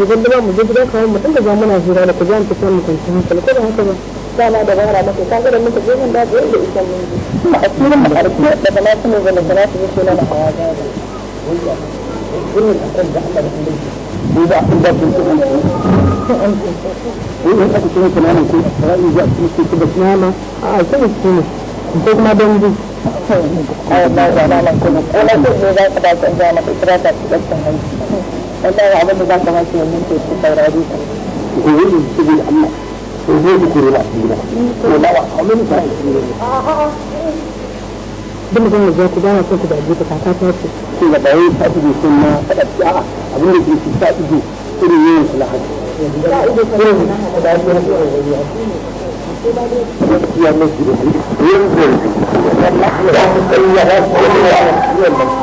ku gwanda mu je gidan kawai mu dinga zama muna hira da ku za mu fita mu kwanci hankali ko da haka ba dama da bara maka ka ga muka je mun da da isan mun kuma a cikin mu karfi da kana kuma ga da kana kuma shi na da hawa da da gurin da kan da Allah da kuma ko da kun da kun kuma ko in aka kuma kana nan ko ra'ayi ga cikin ku da nama a sai ku ne ko kuma dan duk ai ba da nan kuma ko na ko ne za ka da kan da na kira ta cikin hanci wallahi abin za Allah da a mun fara duk mutum ya zo ku ba na ku da ji ta a abin da ke ci ta ji irin yin salaha Gracias.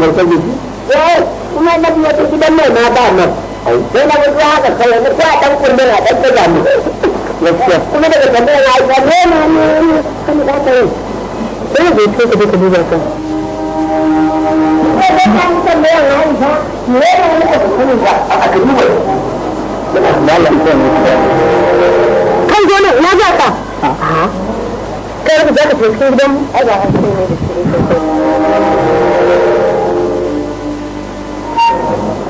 farkon biki eh kuma na biya ta gidan mai na ba nan sai na gudu haka kai a mu kuma daga ne na ne da ta yi sai ka ne tambaya duba kan na za ka kai za ka hankali ne da shi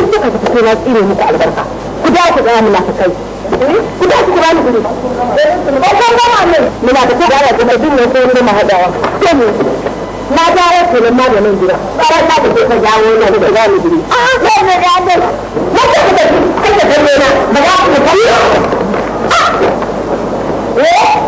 in kuka na tsire muku albarka ku eh? eh, da ku tsaya munafikai ku ku bani ba ma ya din ne ko na nan maganin gida ƙarar ta ta ta jawo nan a ko ne na ba ah! eh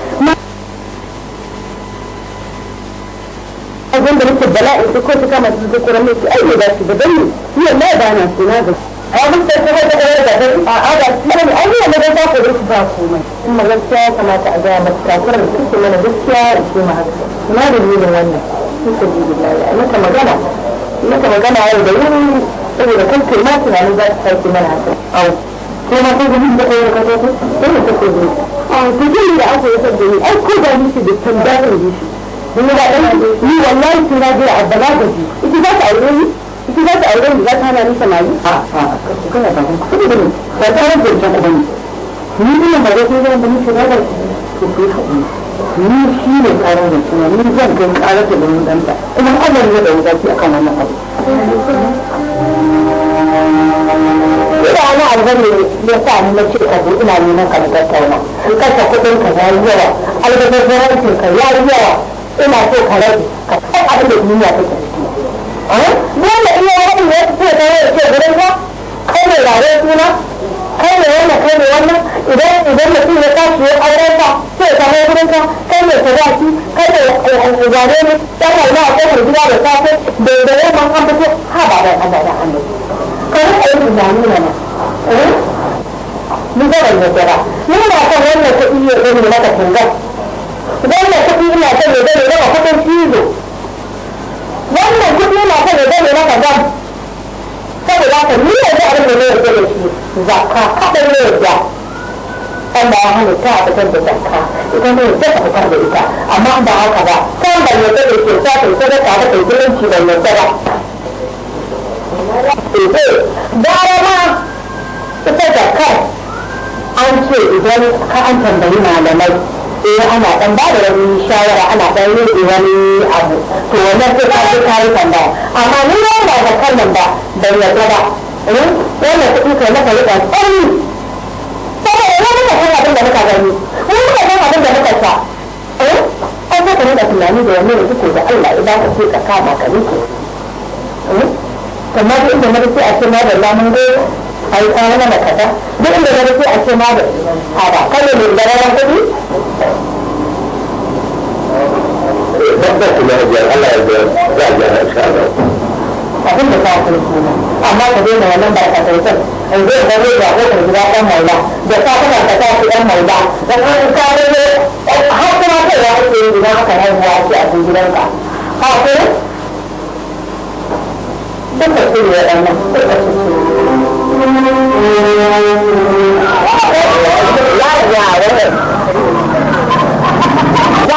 abin da nake bala'in su ko su kama su zuwa kuran su ai ne ba su da dani ni wallahi ba na so na ga a mun sai kuma da gare da dai a a ba su ne ai ne da za da ku ba komai in ma gaskiya ya kamata a ga masu takura da suke mana gaskiya su ma haka da ni da wannan suka ji billahi a maka magana maka magana yau da wuri saboda kan kai ma tunanin za su sauke mana haka au ko ma ko gudun da kai ka zo ko ne take zo a ku ji da aka yi sabbin ai ko da ni shi da tambayar shi kun ga dan ni wallahi kin ga dai abba na gaji za ta aure ni ita za ta aure ni za ta na ni samari a a kana ba ku ba ta ran da ku bane ni ne ba da kuma ban shi ba ku ku ni shi ne karar da kuma ni zan kai karar da mun danta kuma Allah ne da wuce akan wannan abu ina wani albarni ya sa ni na ce ka ina neman ka da tattauna kasa kuɗin ka ya yi yawa albarnin ka ya yi yawa ina so ka rage ka san abin da duniya take ciki wanda in ya rabu ya fito da ya ce gurin ka kai ne rawe suna kai ne wannan kai ne wannan idan idan mutum ya tashi ya aure ka sai ka mai ka kai ne sadaki kai ne zare ne ta kai na kai gida da safe da da yamma an fito ha ba da Allah da Allah ka rika yin tunani na ni ga ban yadda ba ni ba kan wannan kuɗi ya gani maka tungan wannan kuɗi ina ta ne zai raba kuɗin cizo wannan kuɗi ina ta ne zai raba gam saboda haka ni da ne yarda da shi zakka kaɗai ne yarda Allah ya ta a fitar da zakka ita ne yarda fitar da ita amma ba haka ba kan ban yarda da ke sa kai sadaka da kai zumunci ban yarda ba. Eh, eh, gara ma ita an ce idan ka an tambayi malamai eh ana dan ba da wani shawara ana dan rike wani abu to wannan sai ka ji kai tambaya amma ni ba da da nan ba ban yarda ba eh wannan kuɗi kai maka rika tsari saboda wani muka san abin da muka gani wani muka san abin da muka sa eh an saka ne da tunani da wani riko da Allah idan ka ce ka kama ka rike eh, kamar duk inda na rufe a ce ma da lamun goro a yi tsawo mana kaza duk inda na rufe a ce ma da a ba kallon da ranar kuɗi babbar na hajiyar Allah ya zai za a gyara insha Allah. Abin da ta kuma kuma amma ka daina wannan ba ka tausan in zai gano da hotar gida ɗan maula da ka kuma ka ta fi ɗan maula da ka yi ka rage har kuma kai ya kake yi idan haka haihuwa ake a cikin gidanka. Ka kuma? Duka su ne waɗannan duka su su. Ya ya wannan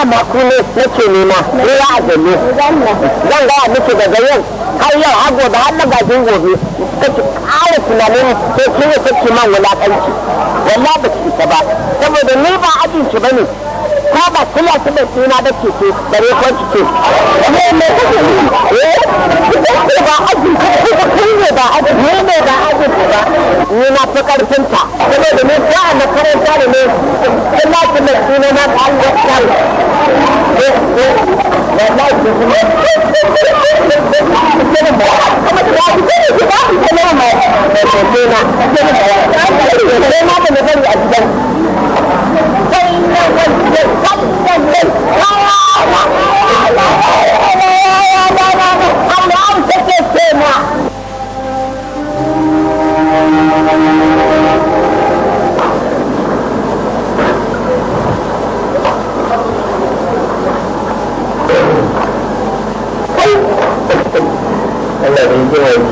ma ku ne ke nema ni ya azumi zan ga miki daga yau har yau har gobe har na gajin gobe kake ƙara tunanin ko kin yi kake man wulaƙanci wallahi ba ki ta ba saboda ni ba abinci ba ne ko ba kula su da suna da ke ce bare eh, ko ke ne ne me kake yi eh ba abinci ba aji ni ne ba aji ba ni na fi karfin ta saboda ni ba a makaranta da ne kuma ki mai suna na ba an gaskiya ne ne wallahi ne kuma kuma ki ne ki ne ba ne kuma ma ne ko ne na ne ne ba ne bari a ne sai ne wani ne na ne Anh là bình thường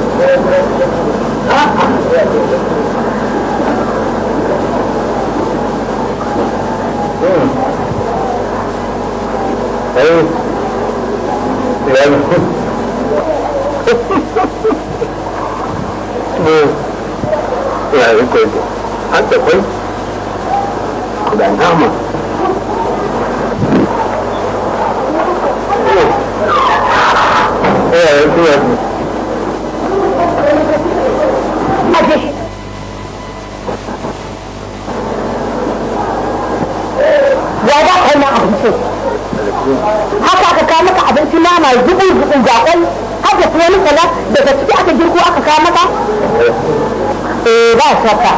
Ừ. Lên. Ừ. Là cái quyền hết được quý. Bạn không mà. Yeah, it's good. haka aka kawo maka abinci nama zubin zubin jakon haka kuma wani da daga ciki aka girko aka kawo maka eh ba shakka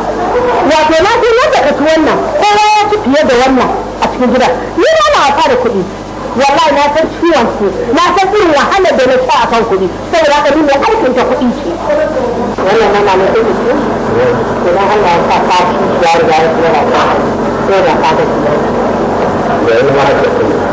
wato na ji yadda ka ci wannan kowa ya ci fiye da wannan a cikin gida ni ba na wasa da kuɗi wallahi na san ciwon su na san irin wahalar da na sha a kan kuɗi saboda haka ni mai aikin ta kuɗi ce wannan na mamu kuɗi ce idan Allah ya sa ka ci ya riga ya tsira ta ko da ka ta ci da yana ma haka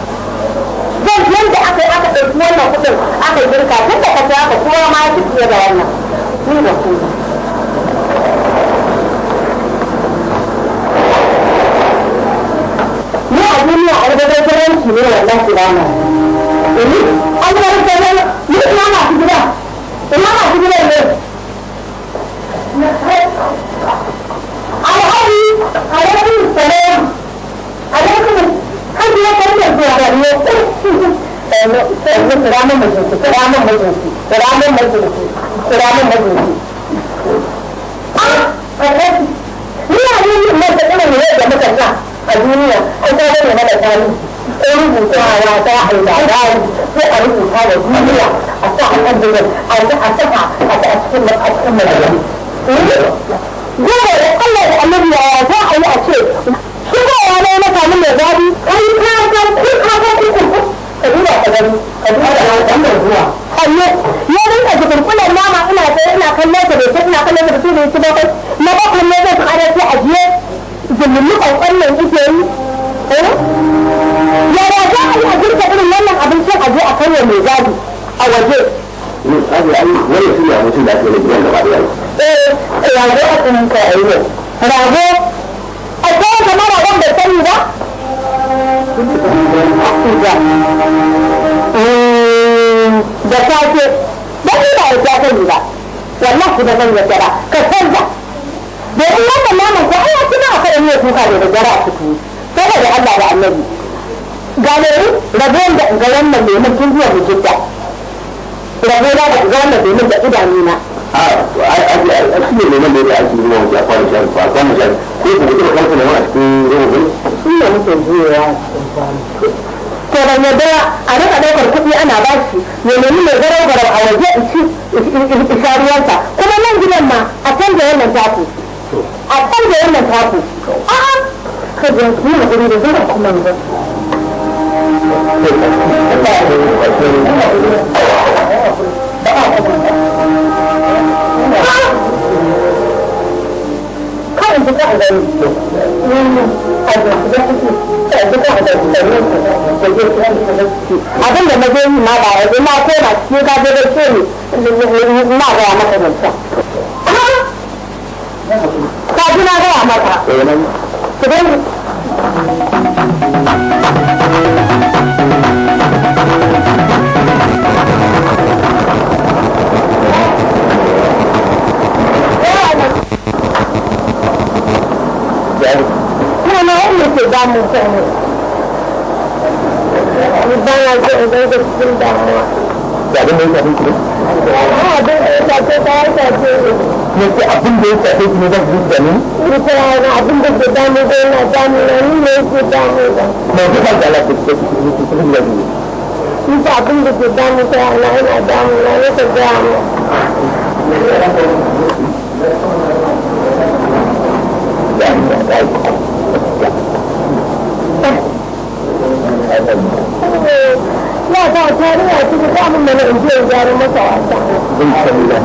ɗauki wannan kuɗin aka girka duk da ka aka kowa ma ya fiye da wannan ni da ku ni a duniya a daga zaranci ne wannan kirana domin an zara zaran ni ina masu gida ina masu gida ne alhaji alaikum salam alaikum kan biya karfe zuwa da ne kiramin mijinki kiramin mijinki kiramin mijinki kiramin mijinki ina yin mai da irin yadda muka sa a duniya an ta gane mana tsari ko a yi ko a rubuta da duniya a sa a kan a yi a saka a ta a cikin a cikin mutane. Gobe da Allah da Annabi yaya a yi a ce shigowa ne na kamun mai zabi kai ka san kun ka san ka duba ka ka wannan zuwa nama ina tsaye ina kallon kallon da da na zai eh? a yi za irin wannan abincin a je a waje da eh, rago a tsinka a yi A tsaye bai sani ba, Eh, da safe ba ni ba ya ta sani ba wallahi ba zan yi ba ka canza da wannan naman ko ai kuma akwai in ya kuka da dare a ciki saboda Allah da Annabi ga ne rabon da ga wannan lemun tun zuwa mu jidda rabon da ga wannan lemun da idanuna a ba kwanan shari'a da a cikin to a rika daukar kuɗi ana ba shi ya nemi mai garau garau a waje isa kuma nan gidan ma a canza wannan taku a canza wannan taku ka je ku yi magana da zuwa kuma yanzu Thank abin da na yi ma ba na cikin ka je ce ni na gaya maka ka ji na maka samu sani ba na so in zai da ne? abin da ta ne ne ce abin da ya shafi ki ne ne? ni ta na ni ne ke da ta Ya ta tarihi a cikin samun mana in masa wasa. Gaikin abin da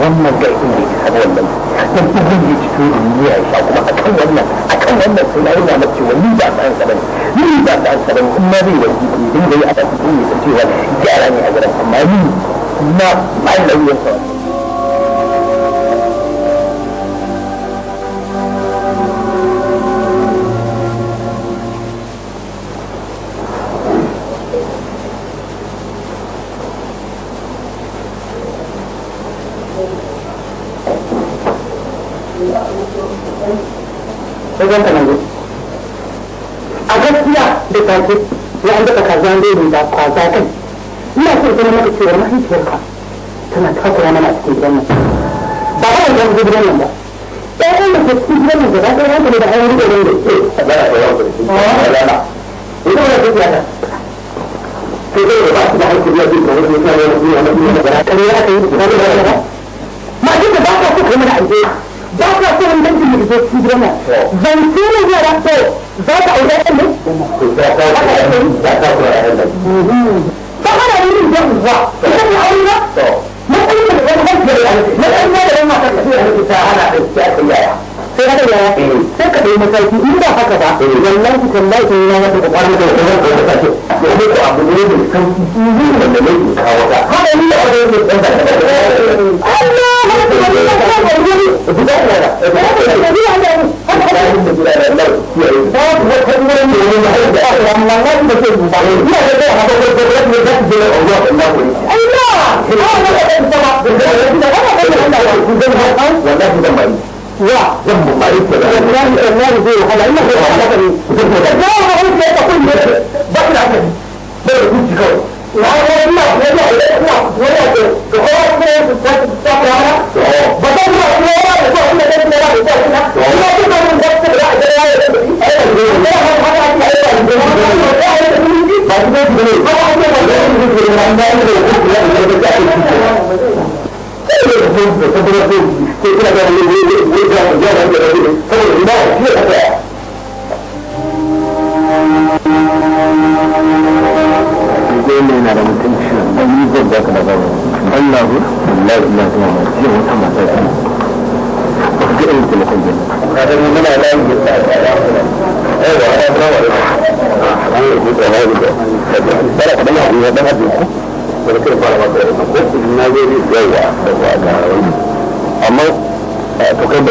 wannan gaikin da ya sha kuma a kan wannan kan wannan sai ya da mace wani ba ta an ni ba ta an kuma zai wani din da ya aka fito ne ta cewa gyara ne a garin amma ni na ba da yin sawan wajen ka a gaskiya da safe ya an daga kaza ne mai da kwaza kai ina so zama maka cewa tana takura mana a cikin gidan nan ba kawai gidan nan ba da ke cikin gidan nan da nan da ke a zara da nan da ba su da su da ba ba ba su ba su ba su ba su ba su ba su ba su ba su ba su za ka so in dangi mu zo su gona ban so ne ya ra so ne. ka aure ɗan ne za aure ɗan ne ba kana yin da uwa idan ya aure ba matsayin da zan hajjar ya matsayin da zan mata ka zai ta hana da ya ta sai haka yaya sai ka ɗaya mataki in ba haka ba wannan ku kan lai sai ya wata kwakwalwa da ya zama da mataki domin ku abu ne da kan yin da mai kawo ka hana ni da wani da zan zaka da Allah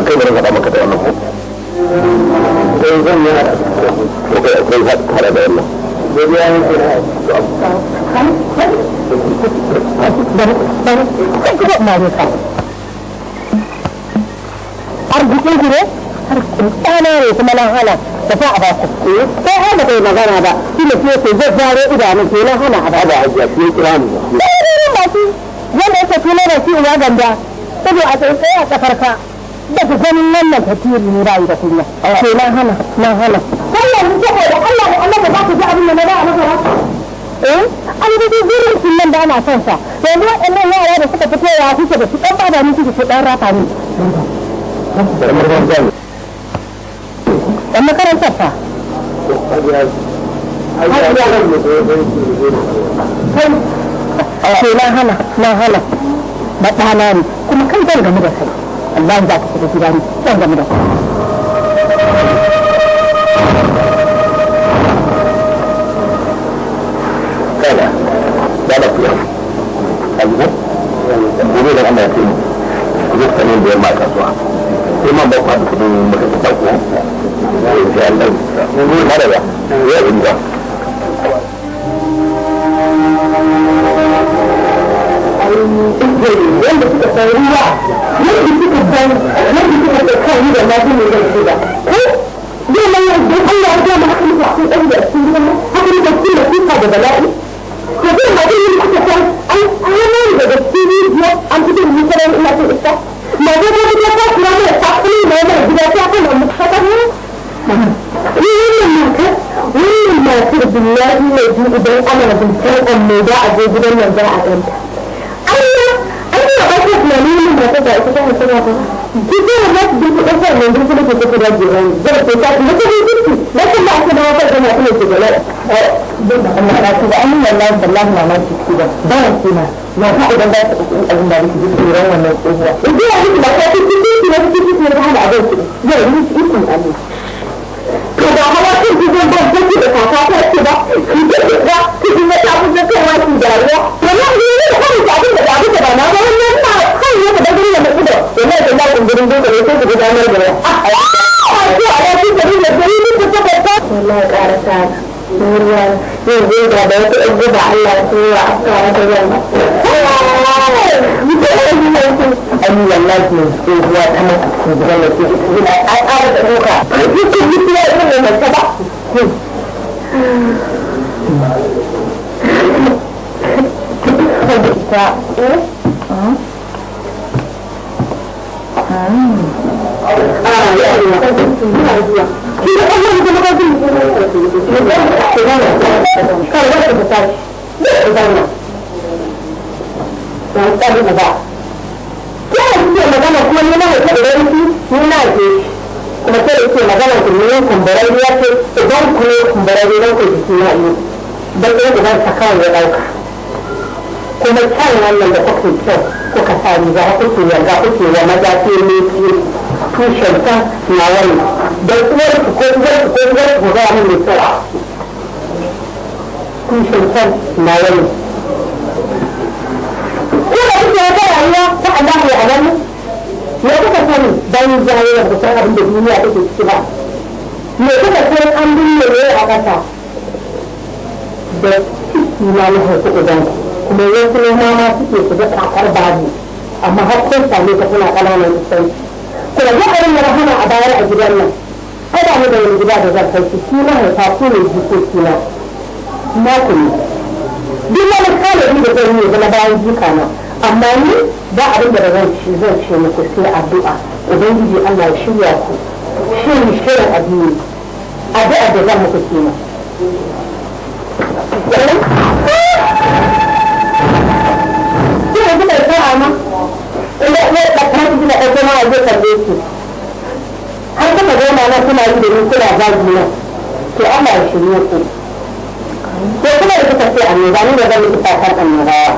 kai bari faɗa maka da wannan sai zan yi ko kai akwai hada da wannan zai ya yi arzikin ku ne arzikin tsana ne kuma nan hana da sa a ba ku ko har da kai magana ba shi ne ke ke zai zaro idanu ke nan hana a ba da hajiya shi kira ni ba shi wanda yake tunar da shi uwa ganda saboda a tsaye a kafarka daga ganin wannan fatiru ne rayu da kunya ke na hana na hana wannan saboda Allah da Allah ba za ku ji abin da na ba a maka eh an bi birin sun nan da ana son sa yanzu waɗannan yara da suka fito ya kuke da su dan ba da ni kuke ko dan rafa ne dan makarantar fa kai ke na hana na hana ba ɗana ne kuma kan zan gamu da kai wallahi za ka fita gidari zan gamu da kada da da ku da ya ce ku zo ka ne da yamma kasuwa sai na da ya je gidan nan za a ganta Allah an yi ba ta tunani mun ba ta da ita ta hasara ba gidan nan za su bi kuɗin sa nan gidan ke tafi da jiran zai ke ta kuma ta yi na san ba aka dawo kai kana kuma gidan ke da Allah ya tuba an yi wallahi wallahi mama ki tuba ba ya kuma na ta idan za ta ɗauki abin da nake duk tsoron wannan tsohuwa in ya miki ba ta fi cikin ki na cikin ki na ta hada abin ki zai yi ikon Allah wannan ban kuku da kaka ta ce ba ki ce ba ki ji mata ku da kai wani dariya wannan ne ne kan ta abin da abin da ba na ba wannan ma kan ya da gurin da mutu da wannan da lakin gurin da ne sai ku gudanar da a ce a da shi da gurin da gurin da ta ba wallahi ƙara ta ruwa yau zai ga da wata ɗan guba Allah ya tura a kawo ta yamma. Ani wallahi yanzu ruwa ta mata ko gudanar da ita. Ai, ai, da ɗauka. Ai, duk da duk ya yi mai ba. fita kuma sai yake ya ce idan kuma don ku yi don ya ɗauka kuma kyan wannan da kuke kyau kuka sami za kuke yarda kuke wa maza ke ne ke tushen ta na wani da uwar ku ko uwar ku ko uwar ku ga mu kyau tushen ta na wani kuma kuke wata rayuwa ta Allah ya alamu me kuka sani dan jayyar da san abin da duniya take ciki ba me kuka san an binne ne a ƙasa da ciki na nufin kuɗin ku mai wasu ma suke shiga kakar babu amma har kun same ka kananan ƙananan isai kuma duk abin da hana a bayar a gidan nan ai da ni da wani gida da zan kai shi shi na haifa ko ne jikoki na na ku ne duk wani kalabi da zan yi zama bayan jika na amma ni ba abin da zan ci zan ce muku sai addu'a ubangiji Allah ya shirya ku shirin shirin addini addu'a da zan muku you. نعمة إذا أردت ما تجد أنت ما أجيت البيت حتى ما جاء معنا كنا يدرون كنا عزازنا في أما يشميكم وكما يكتب في النظام إذا لم يتفاقم النظام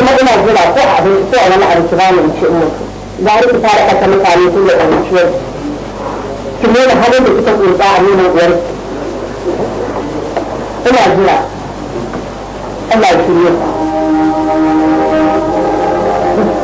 كما إنا جدا كو أبي كو أنا مع الشباب من شؤون ذلك فارقة كما كانوا كل يوم شوي كمين هذا بكتب إنسان من الورد إنا جدا الله يشميكم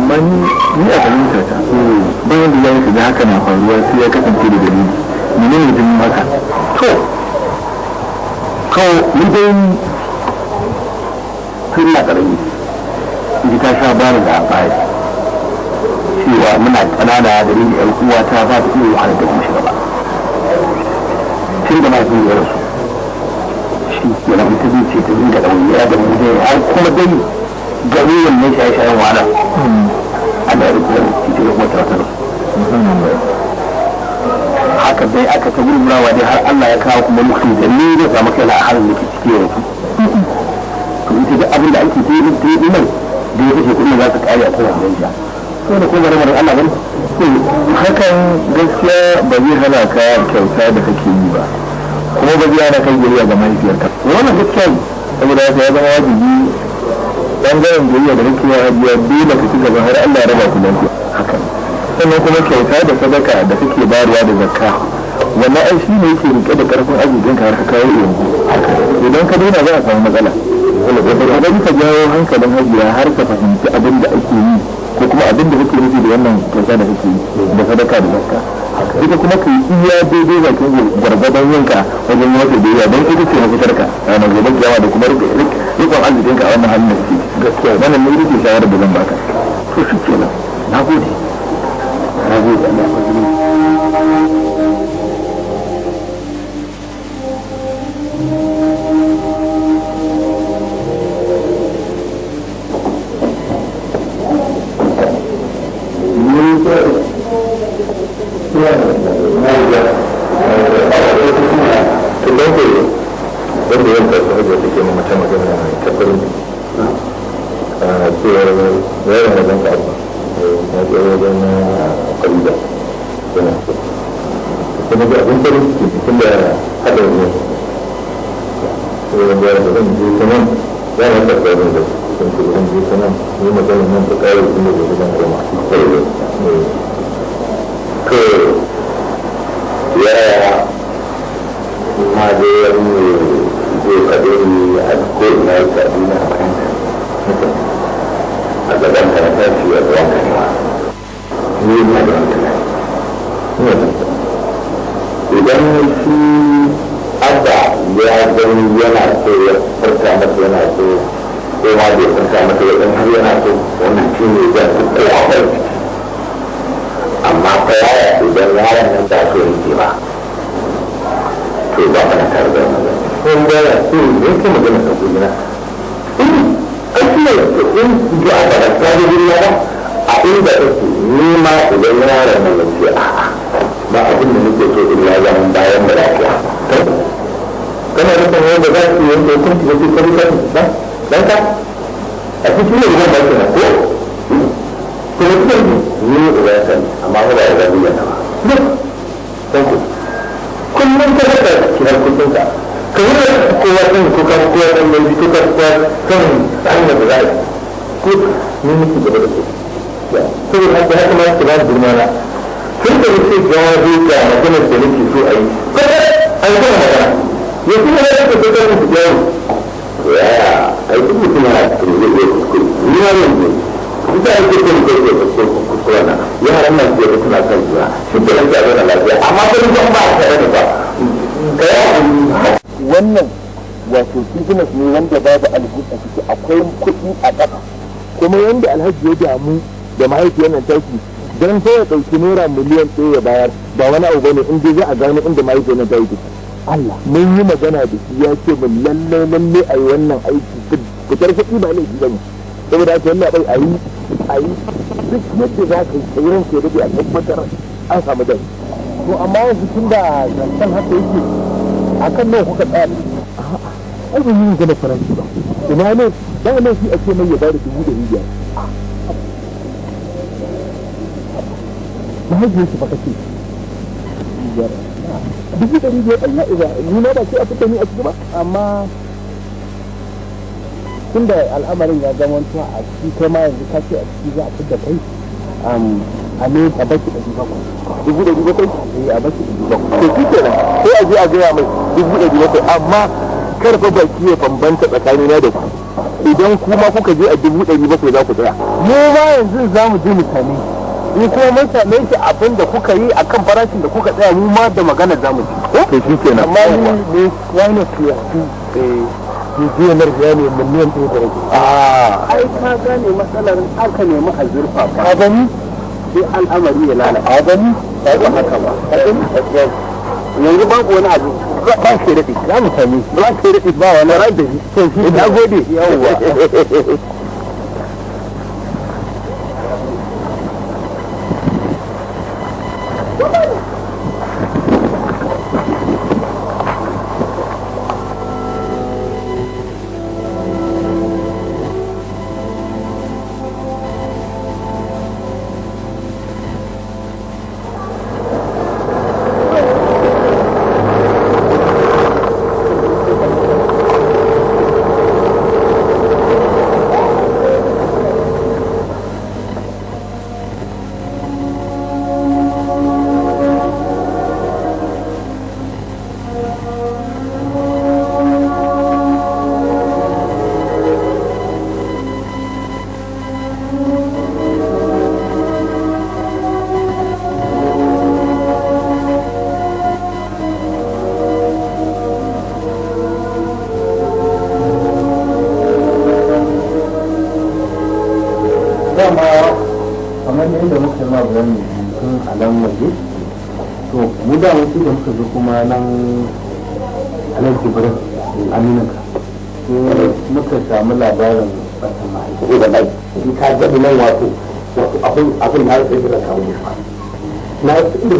man ni a fahimta ta bayan da ya yi da haka na faruwa sai ya kasance da dalili mene ne jin maka to kawo mun dai tun na karami ji ta sha bani da baya cewa muna kanana da ni yan uwa ta ba ta iya wahala da kuma shiga tun da na mahaifin ya rasu shi yana mutum ce ta dinga ɗauniya da mu dai har kuma dani. gari yin mai shaye shayen wahala ana rikuwa cikin wata wata haka dai aka ta gurgurawa dai har Allah ya kawo kuma muku da ni zai samu kai na halin da ke ciki yanzu to ita da abin da ake ta yi ta nan da ya kashe kuɗin za su kare a kowane ranja so da kuma ramar Allah bane hakan gaskiya ba zai hana ka kyauta da kake yi ba kuma ba zai hana kai gariya ga mahaifiyarka wannan gaskiya saboda haka ya zama wajibi bangaren guriya da rikiya ajiya biyu da ci gaba har Allah raba ku lafiya hakan sannan kuma kyauta da sadaka da kake bayarwa da zakka wanda ai shi ne yake rike da karfin arzikin ka har ka kawo yanzu idan ka daina za a samu matsala idan ka jawo hankalin hajiya har ka fahimci abin da ake yi ko kuma abin da kake nufi da wannan kyauta da kake da sadaka da zakka ita kuma ka yi iya daidai da kan gwargwadon yanka wajen yi mata daidai don ita ce mafitarka a nan gobe da kuma rike rikon arzikin a wannan halin da suke gaskiya wannan ne rike shawarar da zan baka to shi kenan na gode na gode Allah Yeah. abinda yau da su hajjar take mata magana mai tabbarin ah, cewar da zan eh, na tsaye wajen na yana so kuma da abin farin ciki cikin da haɗa ne wanda da zan je ta nan za na ƙarfa da zan sun ce zan je magana nan ta kuma da eh. yaya ma dai wani zai faɗe a ko ina na a gaban ka na a ka ne da idan shi abba ya gani yana so ya farka yana so ko ma bai farka ya har yana so wannan shi ne fi kowa farki amma fa yaya idan yaran nan ba so yake ba to ba na wanda ya so ya kai magana ta gudana aikinan in da da tsari gudana ba a inda take nema idan yaron nan ya ce a'a ba abin da nake so illa zaman bayan da lafiya kana da kan wanda za su yanke hukunci da su kari kan ba dan ka a cikin ne idan ba su na ko to ne kuma ni idan san amma ba da ya na ba kullum ta kiran kamar kowa ɗin ko ka kowa ɗan mai ko ka kowa kan hanyar da za a ko ni muke gaba da su saboda haka haka ma yake ba da girma na tun da muke gawa zai ga maganar da nake so a yi an gama magana ya kuma ya ce ko kan su jawo ya ai duk mutum yana cikin zai zai kuskure ni ma zan je duk da ake kan zai zai kuskure kuskure na yaran nan ke da suna kan zuwa shi ke nan ke a lafiya amma kuma ba ta da ba wannan wato business ne wanda babu alhaji a ciki akwai kuɗi a ƙasa kuma wanda alhaji ya damu da mahaifiyar nan taki don sai ya ɗauki naira miliyan ɗaya ya bayar ba wani abu bane in dai za a gano inda mahaifiyar nan taki Allah mun yi magana da shi ya ce mun lalle lalle a yi wannan aiki fitar kuɗi ba laifi bane saboda haka yana ɗai a yi a yi duk yadda za ka yi tsayin ke rage a tabbatar an samu dai to amma yanzu tun da zancen haka yake akan nan kuka tsaya ai ban yi magana faransi ba ina ne ba nan shi ake mai ya bada dubu ɗari biyar mahaifiyar su baka ce biyar dubu ɗari biyar ai iza ni ma ba ce a fita ni a ciki ba amma tunda al'amarin ya zama a ciki kai ma yanzu kace a ciki za a fita kai um, a ne a baki ɗari bakwai dubu ɗari bakwai eh, a baki ɗari bakwai to shi kenan sai a je a gaya mai dubu ɗari bakwai amma karfa baki ya bambanta tsakanina da ku idan kuma kuka je a dubu ɗari bakwai za ku tsaya mu ba yanzu za mu ji mutane. same in kuma mun same shi abin da kuka yi akan farashin da kuka tsaya mu ma da magana za mu ji to shi kenan amma ni ne wani fiya jijiyar ya ne miliyan ɗaya da rage. Ah. Ai ka gane matsalar aka nemi a zurfa ba. Ka gani? sai al'amari ya lalata a gani ba ga haka ba yanzu babu wani abu ba shi raɗi za mu sami ba shi raɗi ba wani raɗi to gode yawwa da muka zo kuma nan halar jibirin aminanka muka samu labarin batun mahaifi da mai in ka jabi nan wato wato abin na rasa jiran kawo na inda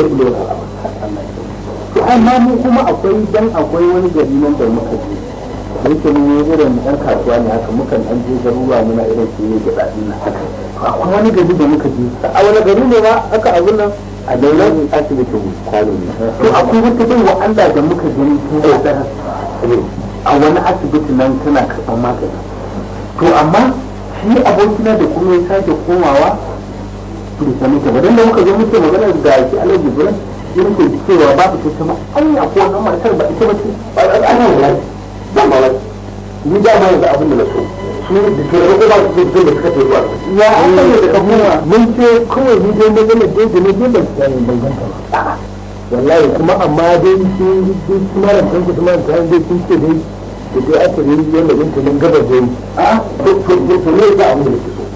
zai amma kuma akwai dan akwai wani gari nan da muka je mun mun irin yan kasuwa ne haka muka je muna irin da da muka a wani gari ne ba aka a daular asibitin kwano ne to akwai wata bai wa Allah da muka gani ko a wani asibiti nan tana karɓar magani to amma shi abokina da kuma ya sake komawa bai sami ta ba don da muka zo muke magana da shi alaji buran yin ko cewa babu ta sama an yi akwai wannan ba ita ba ce ba a wani ba ma wani ni da ma yanzu abin da na so ya an mun ce kawai ni dai magana dai da ne dole ta yi banganta ba wallahi kuma amma dai sun sun kuma ran kan kuma ran dai sun ce dai da dai kuma gaba dai a to to to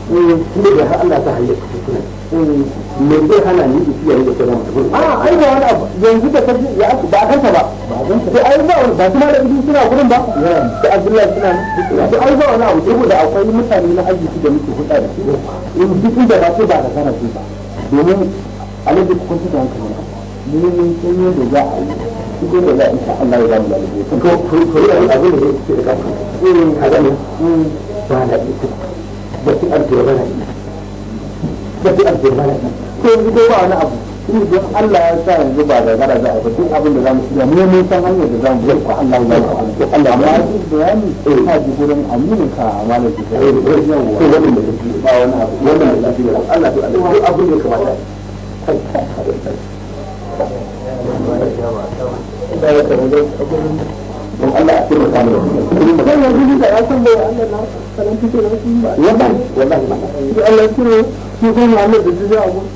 ne ne Allah ta hayyaka me zai hana ni da kiyaye da sauran mutum a ai wani abu yanzu da ya ba ba ai ba wani ba da suna gurin ba da abdullahi suna ai ba wani abu akwai mutane na arziki da muke hulɗa da su in duk ba ba da kana ba domin alaji ku kun hankali ne da za a yi cikin da za a insha Allah ya abin da ne ba na ita ba ki arziki ba na ita ba ki arziki ko yanzu ko ba wani abu don Allah ya sa yanzu ba da gara za a ba duk abin da za mu shirya mu mun san hanyar da za mu Allah ya Allah bayani eh. ji gurin ka ki ko da eh, eh. ba wani abu wannan da Allah duk abin da Allah a cikin mutane da da ya Allah da Allah ya Allah da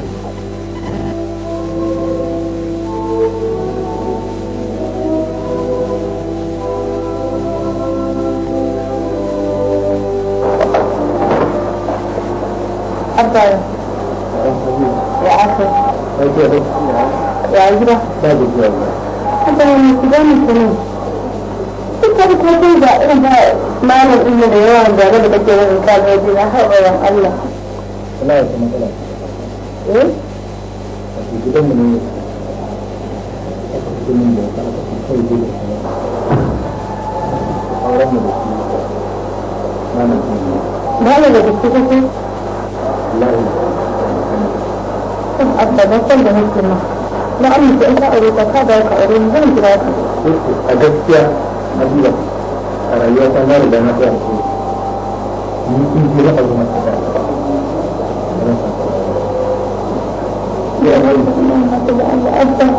babu zuwa ba haka ne da kwato da irin ba malam da da kake har Allah kula da kuma kula eh a gidan mu ne a cikin da kai gidan mu da shi malam malam da kake kake Allah abba da na amince in ka aure ka da ka aure zan kira ka a gaskiya a rayuwa ta na riga na tsaya ce ni ji da ya kuma na ta da da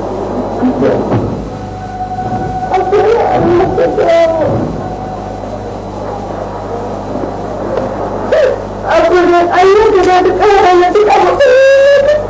Aku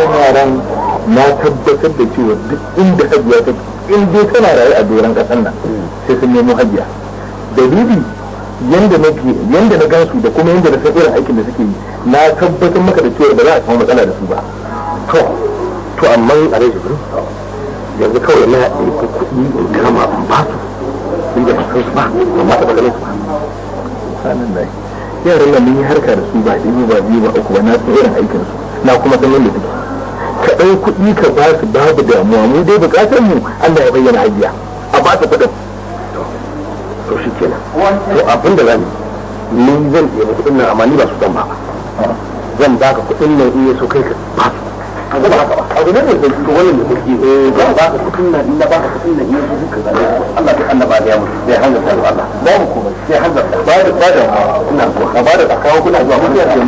waɗannan yaran na tabbatar da cewa duk inda hajiya ta in dai tana raye a doron ƙasar nan sai sun nemo hajiya dalili yanda na yanda na gansu da kuma yanda na san irin aikin da suke yi na tabbatar maka da cewa ba za a samu matsala da su ba to to amma a rage yanzu kawai na ɗaya kuɗi in kama in ba su sun da su ba amma ta ganin su ba da yaran nan mun yi harka da su ba ɗaya ba biyu ba uku ba na san irin aikin su na kuma san yadda suke ɗau kuɗi ka ba su babu damuwa mu dai bukatar mu Allah ya bayyana ajiya a ba su kuɗin to shi kenan to abin da zan ni zan kuɗin nan amma ni ba su zan ba zan ba ka kuɗin nan in so kai ka ba su ba haka ba ne da zai to wannan da kuɗi eh kuɗin nan in na baka kuɗin nan in so duka Allah ta Allah ba ya mutu sai hanzar ta Allah ba mu komai sai hanzar ba da ba da ina so ba da kawo kuna zuwa mun ya ce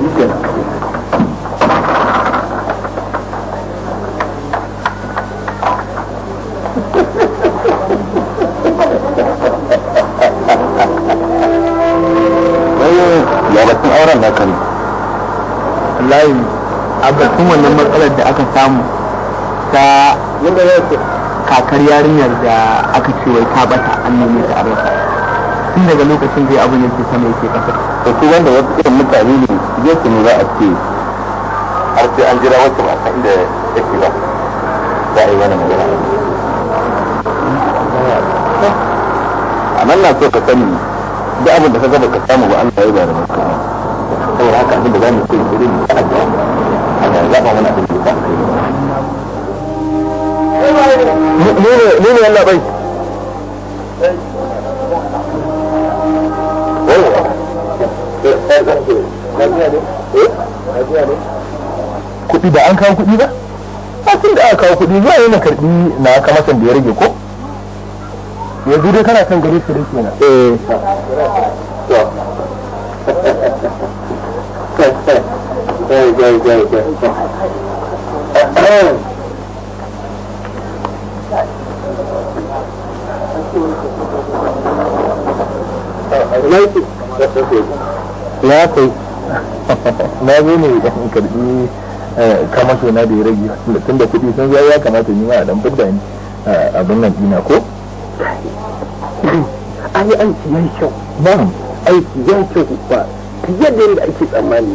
shi kenan wallahi a batun wannan matsalar da aka samu ta kakar yarinyar da aka ce wai ta bata an nemi ta abin tun daga lokacin zai abin yake sama yake kasa to ku wanda wasu irin mutane ne ya ce ne za a ce har sai an jira wasu ba da inda yake ba za a yi wani magana a nan na so ka sani da abin da ka gaba ka samu ba da ya ba da mutane saboda haka abin da za mu ce irin ana da ana zaba mana abin da ne ne Allah bai kuɗi ba an kawo kuɗi ba a tun da aka kawo kuɗi zuwa yana karɓi na aka masan da ya rage ko yanzu dai kana kan gari su da kenan eh kyau kyau kyau ya kai na zo ne in karbi kamasho na da ya rage tun da kuɗi sun ya kamata ni ma a dan fidda ni abin nan dina ko ai aiki ya kyau ba aiki ya kyau ba fiye da yadda ake tsammani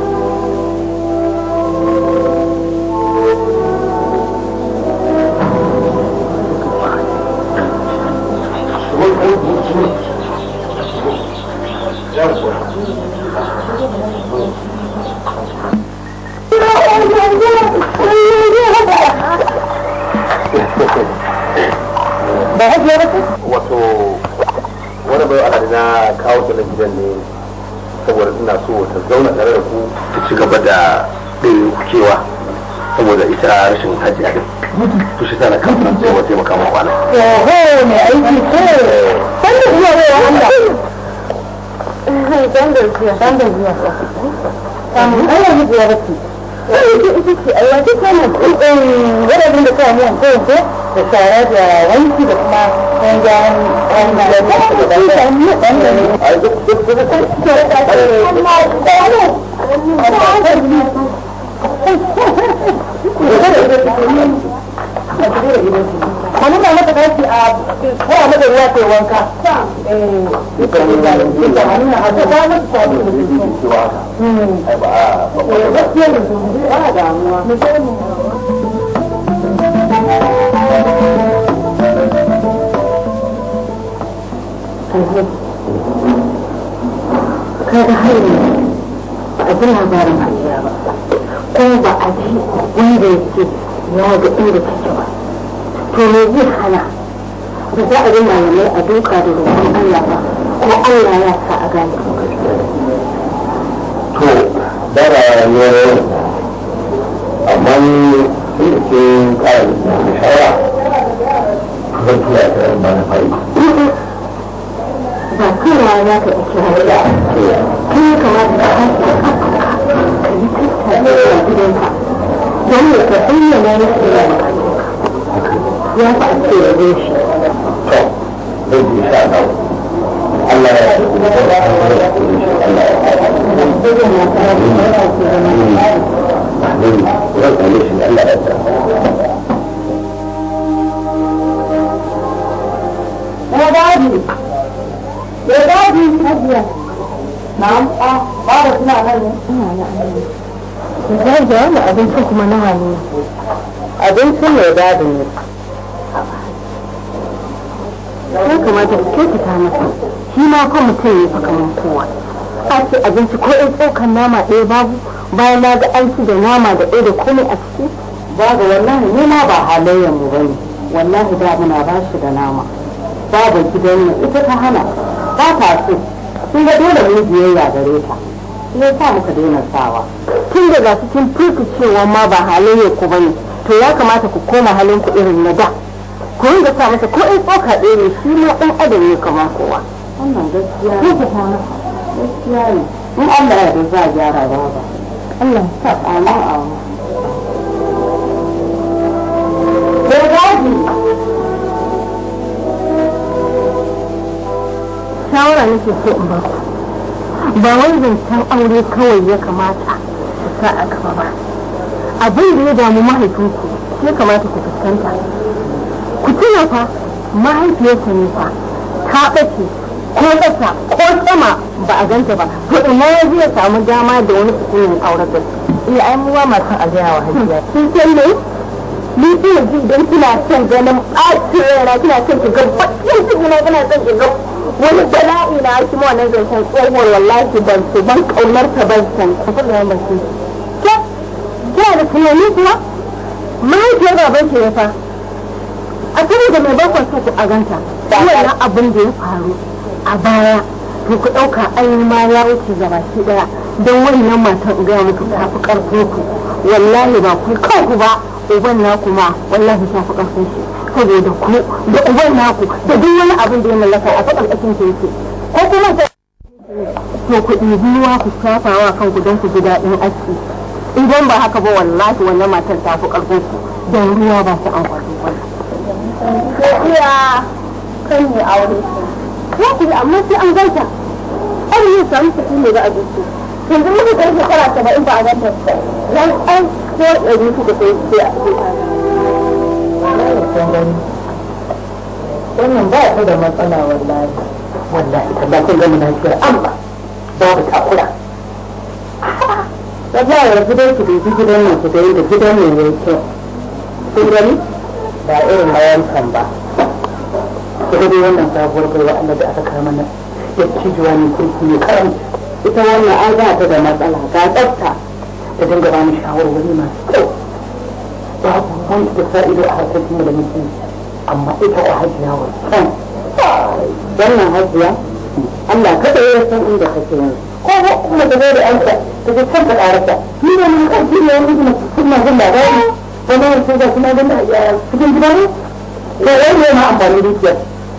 ba hajiya ba wato wani bayan al'adu na kawo ta na gidan ne saboda suna so ta zauna tare da ku ta ci gaba da ɗaya kewa saboda ita rashin hajiya din to shi tana kan fara cewa taimaka ma kwana oho mai aiki ko san da zuwa wa Allah san da zuwa san da zuwa samu ayyuka da ya ai wata kana kudin wadadin da kawai miyan kowace da shara da wanki da kuma yan gyaran da kuma da kuma da kuma da kuma da kuma da kuma da kuma da kuma a nuna mata gashi a kowa mata wanka a nuna a ta ba mata eh, sabi da ba a labarin ba ko ba a ji wanda ya ya ga inda take ba to me zai hana ba za a yi malamai a duka da roƙon Allah ba ko Allah ya sa a gane to da ne amma ni sai da ke kara da shawara zan tura ta yi. bana fari ba kowa ya ka ake haɗa kin ya kamata ka haɗa ka yi tattara da gidanka don ya ka bayyana yake da يا تأثير ليش؟ بدي سامع الله يا دادي يا دادي هدية نعم اه بعرف لا هلا لا لا لا abincin kuma na hannu abincin mai dadin ne ya kamata ku kyautata masa shi ma kan mutum ya saka kowa a ce abinci ko in tsokan nama ɗaya babu bayan na ga aiki ci da nama da ɗaya da komai a ciki babu wallahi ni ma ba halayyar mu bane wallahi da muna ba shi da nama babu gidan mu ita ta hana ba ta so sun ga dole mu biyayya gare ta ya sa muka daina sawa tun da ga cikin cewa ma ba halayyar ku bane to ya kamata ku koma halin ku irin na da ku ringa sa masa ko in tsoka ɗaya ne shi ma ɗan adam ne kamar kowa wannan gaskiya ne gaskiya ne in Allah ya da za a gyara ba ba Allah ta amma amma shawara nake so in ba ba wai zancen aure kawai ya kamata ku sa aka gaba ba abin da ya damu mahaifinku ya kamata ku fuskanta ku tuna fa mahaifiyarsa ne fa ta ɓace ko ƙasa ko sama ba a ganta ba to ina ya zai samu dama da wani sukunin aure da su iya eh, ai muwa masu a gaya wa hajiya kin ne ni ina ji idan kina son ganin ɓacin rana kina son ki ga bakin ciki na kina son ki ga wani bala'i na shi ma wannan zancen tsohuwar wallahi ban su ban kaunar ta ban san ku kuɗa ban su ke kina da tunani kuwa mahaifiyar ban ke ya fa a da mai bakon su ku aganta wannan abin da ya faru a baya to ku ɗauka ainihin ma ya wuce gaba ki ɗaya don wannan matan gaya muku ta fi ƙarfin ku wallahi ba ku kanku ba uban naku ma wallahi ta fi ƙarfin shi saboda ku da uban naku da duk wani abin da ya mallaka a fadar ƙasin ke yake ko kuma to ku ɗibiwa ku wa kanku don ku ji daɗin aski idan ba haka ba wallahi wannan matan ta fi ƙarfin ku don ruwa ba su amfani ya iya kan yi aure ya kuri amma sai an gaita an yi samu kuɗi ne ba a jiki yanzu muka kai shekara saba'in ba a ganta zan an ko ɗari kuka sai sai a wannan ba ta da matsala wallahi wallahi ta ba ta gani na kira an ba ta takura ta ba yanzu dai ki dubi gidan nan ku da yadda gidan nan ya yi kyau kun gani ba irin hawan kan ba ita dai wannan sabuwar baiwa Allah da aka kama na ya jiwa ne kirki ne karan ita wannan an za ta da matsala ga tsafta ta dinga ba mu wani masu kyau Ba ku ta sa ido a harkar kuma da mutum amma ita a hajiya wa can wannan hajiya Allah kada ya san inda kake yanzu ko kuma da gode da an ta ta ce kan ta ƙarasa ni ne mun kan jini wani mutum na jin ba wani yanzu ga kuma gani a yara cikin gida ne ba wani yana amfani dukiya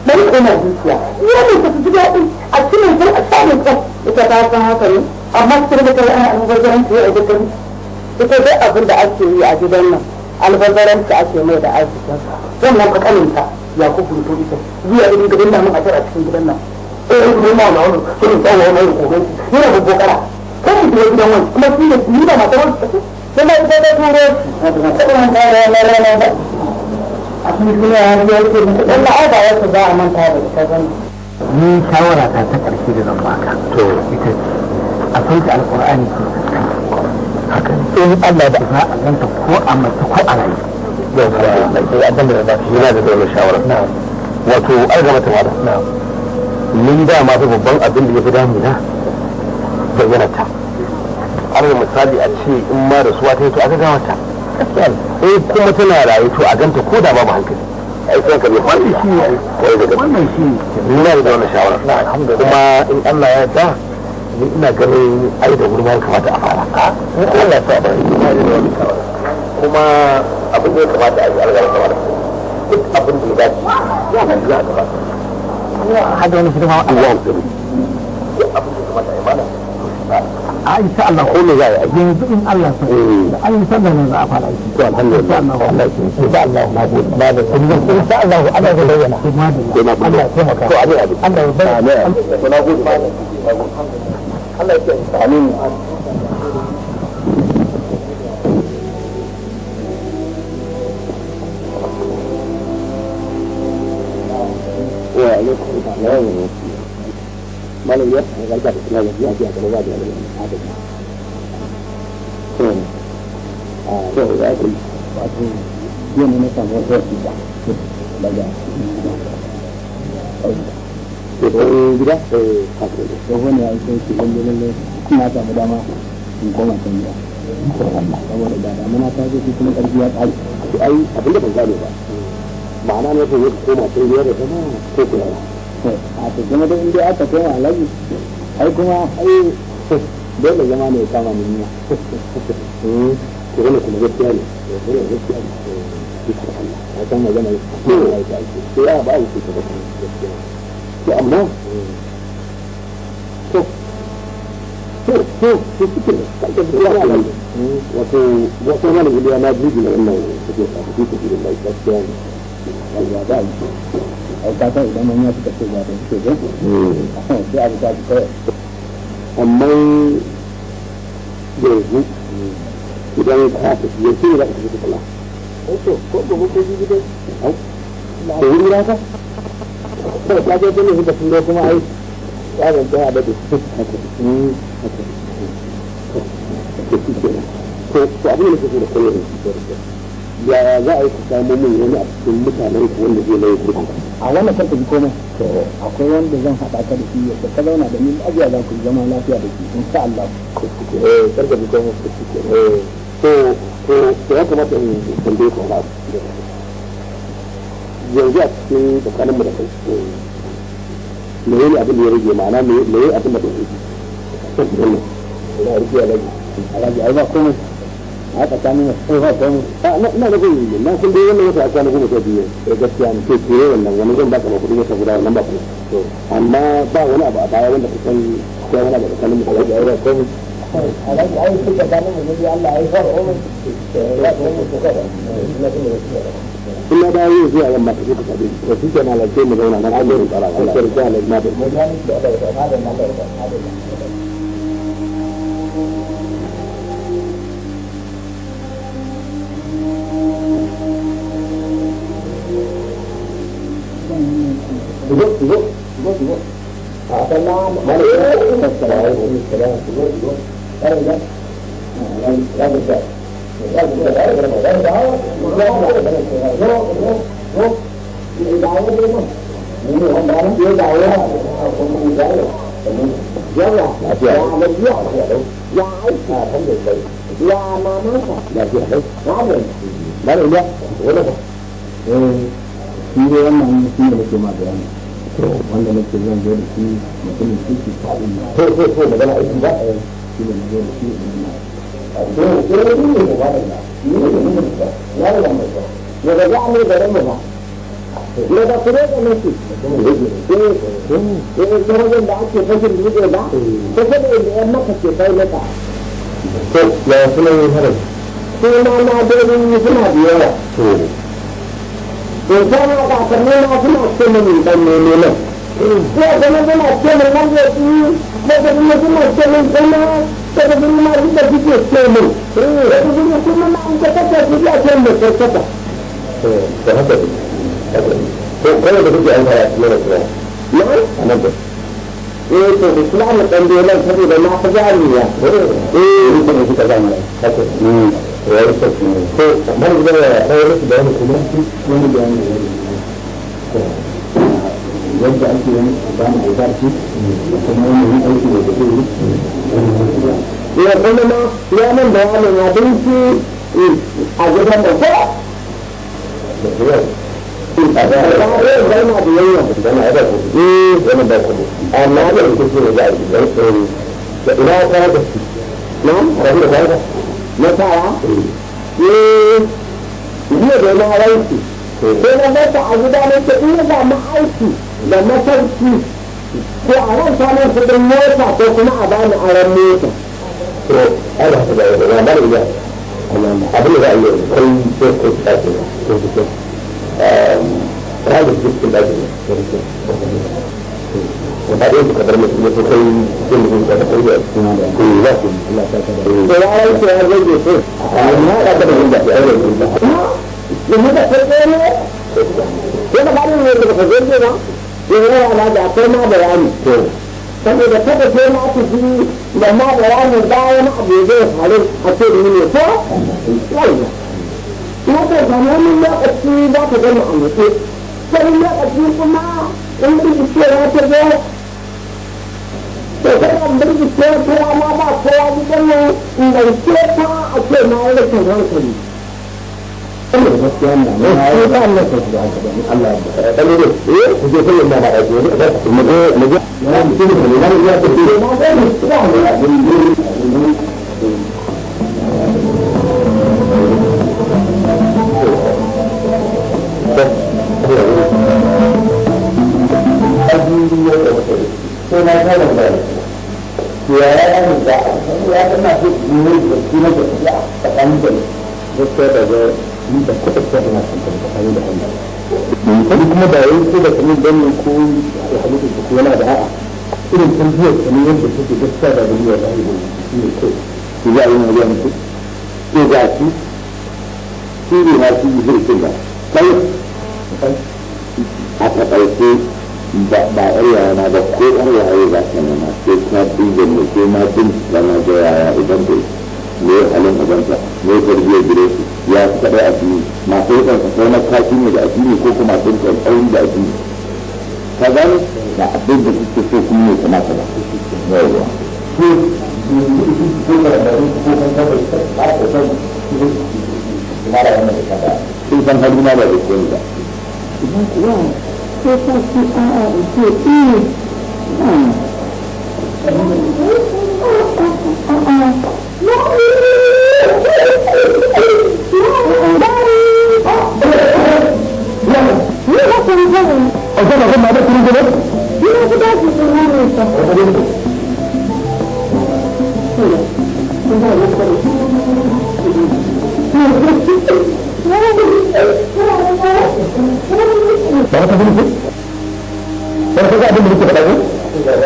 bari ko na dukiya yana ta fi daɗi a cikin sai a samun kyau ita ta san haka ne amma cikin da kai ana yi a gidan ita dai abin da ake yi a gidan nan ta ake mai da arzikin wannan kakalinta ya ku furto ita zuwa irin gidan nan a tara cikin gidan nan eh, eh ne ma na wani sun tsawo mai kogon yana bubbo kara kan gidan wani kuma shi ne ni da matar wani kuma ita ta turo kuma manta da wannan rana ba a kuma duniya ya yi yake mutu dan ba'a ba wasu za a manta da ita ba ni shawara ta ta ƙarshe da zan baka to ita akwai ta alqur'ani ko haka in Allah da za a ganta ko a mace ko a rayu yau ka sai abin da ba shi yana da dole shawara wato argama ta mata ni da ma babban abin da ya fi damuna bayyana ta yarinya misali a ce in ma da suwa ta yi to a gawa ta ko eh, kuma tana rayu to a ganta ko da ba babu hankali ai sai ka bi wannan shi ne daga wannan shi ne ina da wani shawara kuma in Allah ya yarda ni ina ganin ai da gurbin kamata a fara ah, in Allah ya sa ba ina da wani shawara kuma abin da ya kamata a yi algar kamar duk abin da ya dace ya ga za ka hada wani hidima a Allah a ah, insha Allah ko za a yi yanzu in Allah da an yi ne za a fara aiki to alhamdulillah Allah Allah na gode na da Allah bayyana ko na to amin amin Allah ya bayyana to na gode Allah amin zarga kuma suna yanzu a jiya da da a to ya kuri wato jiya ne samu wata wasu da daga to ko gida ko kafin wani lalle samu dama in koma can gida saboda da ta kuma karfi ya tsari ai ban gane ba ma'ana ne ko koma can gida da zama ko kuma a to da inda aka koma alaji ai kuma ai dole zama ne kama ne niyya to wannan kuma gaskiya ne gaskiya ne ya san magana ne ya ba ko to amma to to to ya ne wato wato na bibi na wannan suke ka su su gaskiya ne ba fatan idan manya suka ce ba da suke hmm. ba sai abu ta fi kawai amma yanzu idan ka tafi ya ce za ka tafi kula ko ko ko ji gidan ko wuri na ka ko ka je tun da sun kuma ai Ko zan ta da hmm. ko ko abin da kake Ko koyarwa ya za a yi ku samu mun wani a cikin mutanen ku wanda zai laye kurkuku a wannan karka komai akwai wanda zan haɗa ka da shi ya ka zauna da ni ajiya za ku zama lafiya da shi insha Allah ko kike eh komai ko kike eh, to to to ya kamata in tambaye ku ba yanzu a cikin tsakanin mu da kai eh, me ne abin da ya rage ma'ana me ne abin da ya rage ina rufiya alaji ai ba komai a tsakanin tsohon na da gani ne na kun dai wannan wata akwai goma sha biyu da eh, gaskiya ne ke kere wannan wani zan baka ba kuɗi wata guda wannan ba kuma amma ba wani abu a baya wanda ka san ko wani abu tsakanin mu kawai da aure ko ne ya ko mu ko kuma in na zuwa yamma ka kuka sabi to shi kenan mu zauna na kuma tsara Allah sai da na da تقول تقول تقول تقول أعطينا مالك السلام عليكم السلام تقول تقول أرجع لا ترجع لا ترجع لا ترجع لا ترجع لا ترجع to wanda nake zan zo da shi mutumin faɗi aiki ba shi ne zo da shi ne a ne ne ba da ni ne ne ba ya yi wannan ba ya ga ya ne da ran ba ya kure ake fashin rike ba to kada in ya suna na dole da yawa إنسان هذا أتمنى أكون أحسن من بني ملك وأتمنى أكون أحسن من من يأتي وأتمنى أكون أحسن من سنة وأتمنى ما أريد أن تجي أحسن وأتمنى أكون ما أنت تجي أجي أحسن من فرصتك تهدد كل ده بدي أنا أتمنى كمان نعم أنا بدي ايه بسمعنا الانبياء لا تبي ما حاجه عني يعني ايه انت مش كده يعني rayuwarsa ke ko kamar da rayuwarsa da wani kuma wani da wani yadda ake yin bani albarci da kuma wani aiki da da zai yi ya kuma ma ya nan da wani ya dai shi a gidan da ko amma da ita ce da za a yi da ina ta da shi na rabu da ta da na sawa eh ne da na aiki ko na mata a gudanar da ina ba ma aiki da masarki ko a ran samun kudin mota ko kuma a bani aran mota to ana su da yadda na bari da abin da za a yi kai ko ko ta ce ko ko ta da jikin da ne وبعدين تقدر مسؤولية كي تنزل تقدر كل لا تنزل وعلى رأيك يا رجل يصير ما لا تنزل يا رجل لماذا تقول كيف بعدين من اللي بخزين ده يقول أنا بعطيه ما بيعني فإذا كده شيء ما تجي لما بيعني الدعوة ما بيجيش عليه حسيت من يسوع والله ماذا زمان لا أصيب لا تجمع مثل فإن لا أصيب ما إن بيجي شيء لا تجمع to kada na ku ku Thank you. ya ya ya ne da ya kama na so ne da shi na da shi a tsakanin da gaskiya da ga ni da kuɗa ta na san da tsakanin da Allah dan kuma da yayi ko da kuma dan ko alhamdu da ko yana da a'a irin tarbiyyar kamar yadda take gaskiya da da ya yi shi ne kai ku ya yi ne ya mutu ko ga shi shi ne na shi zai kinga kai a tsakanin ba ba yaya na ba ko an yaye ba ta nuna sai kuma dubin mu sai ma bin rana da yaya idan ta ne halin ubanta ne tarbiyyar gire su ya kaɗa a fili masu yi ɗansa ko na kashi ne da a fili ko kuma sun kan ɗauri da a fili ka gani da abin da suke so kuma ne kamata ba yawwa ko ko da da ko kan ta ba ta ko kuma ko wannan da ta ba ko san halina ba da ko ba idan kuwa ko ka ce a'a ce iya Thank you. ka gani ko wani kaga abin da nake faɗa ko da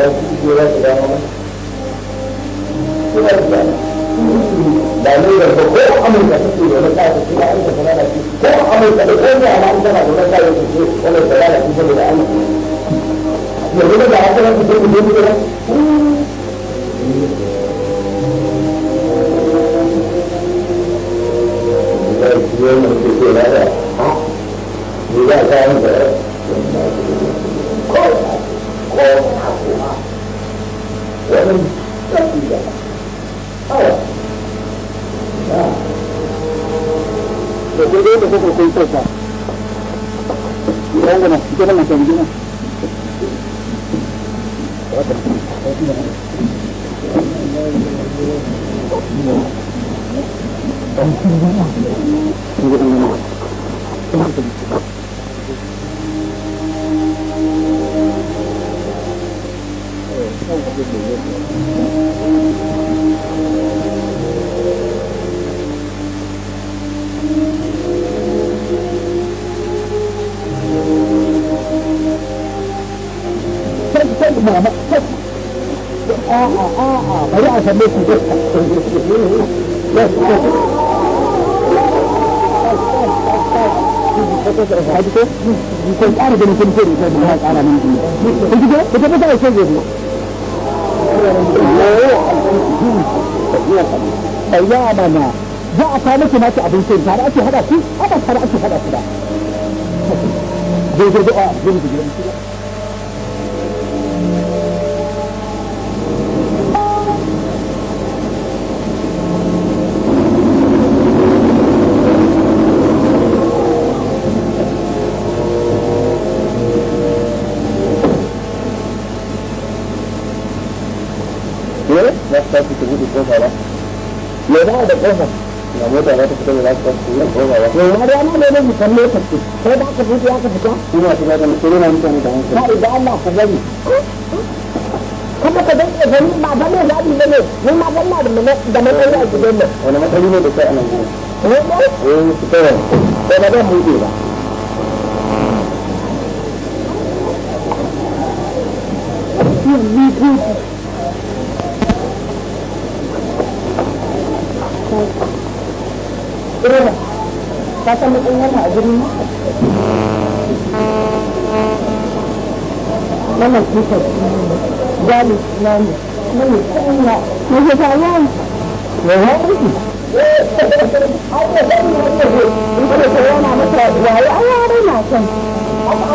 ne da ko ko amurka take da wani kayan su da aika sana da shi ko amurka da ko ne amma ita na da wani kayan su wani sana da shi saboda allah yanzu da haka wani su ne ne ne Thank you. 我们这些来的啊，你在干什么？我们看不到，我们真的哦，啊，我觉得这个可以做到。我呢，这个能成功吗？我的，我的。Thank you. ماما اه اه اه ما يعرف الناس يقول أرجو أن تنفرد هذا العالم. تجد؟ تجد هذا الشيء ya mana za a kawo miki naki abincin tare ake hada a tare ake hada zai zai zai a ya da kofar na mota za ta fita da za su kasu yin kofar ba da ana da zai san lokaci ko ba ka fito ya ka fita ina shiga da mutum yana mutane da hankali kai da Allah ka gani kuma ka dan tsofani ba ba ne zaɓi ba ne ni ma ban na da matsayi a gidan nan wani ne da kai a nan ne da eh fita ne sai Irina, ka san yana a jami na ne, na ne kanya, na Ake yi in kuma yana an na can.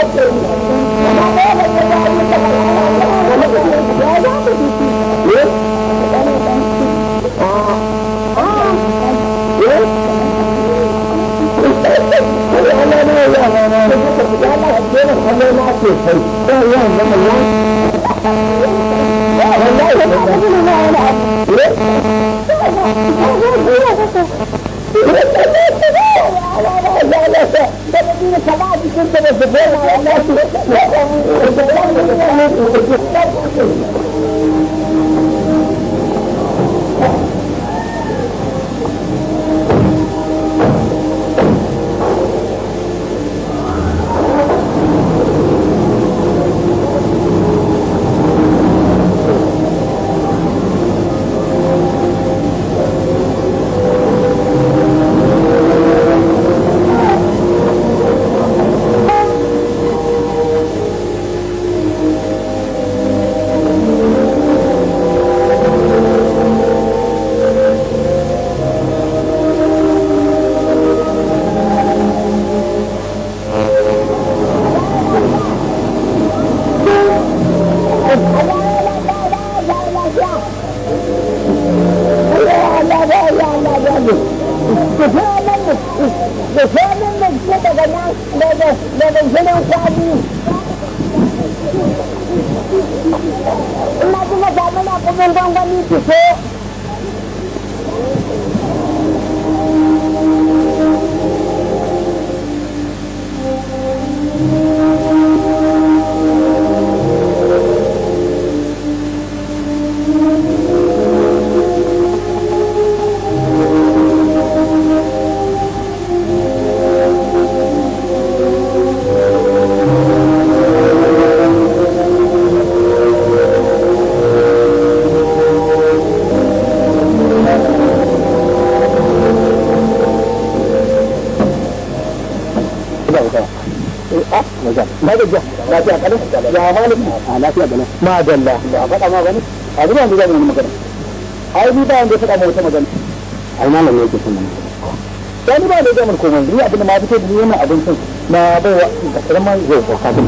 ake yi, da ta kuma ya za da Thank you. lafiya kalan ya ne a ah, lafiya galan ma dalla ba faɗa ma bane a zuwa da magana ai ni ba wanda ya faɗa ma wata magana ai malam ne yake son magana ya ni ba da zamu komai ni abin da ma fito da ni wannan abincin na baiwa da karaman yau ko kafin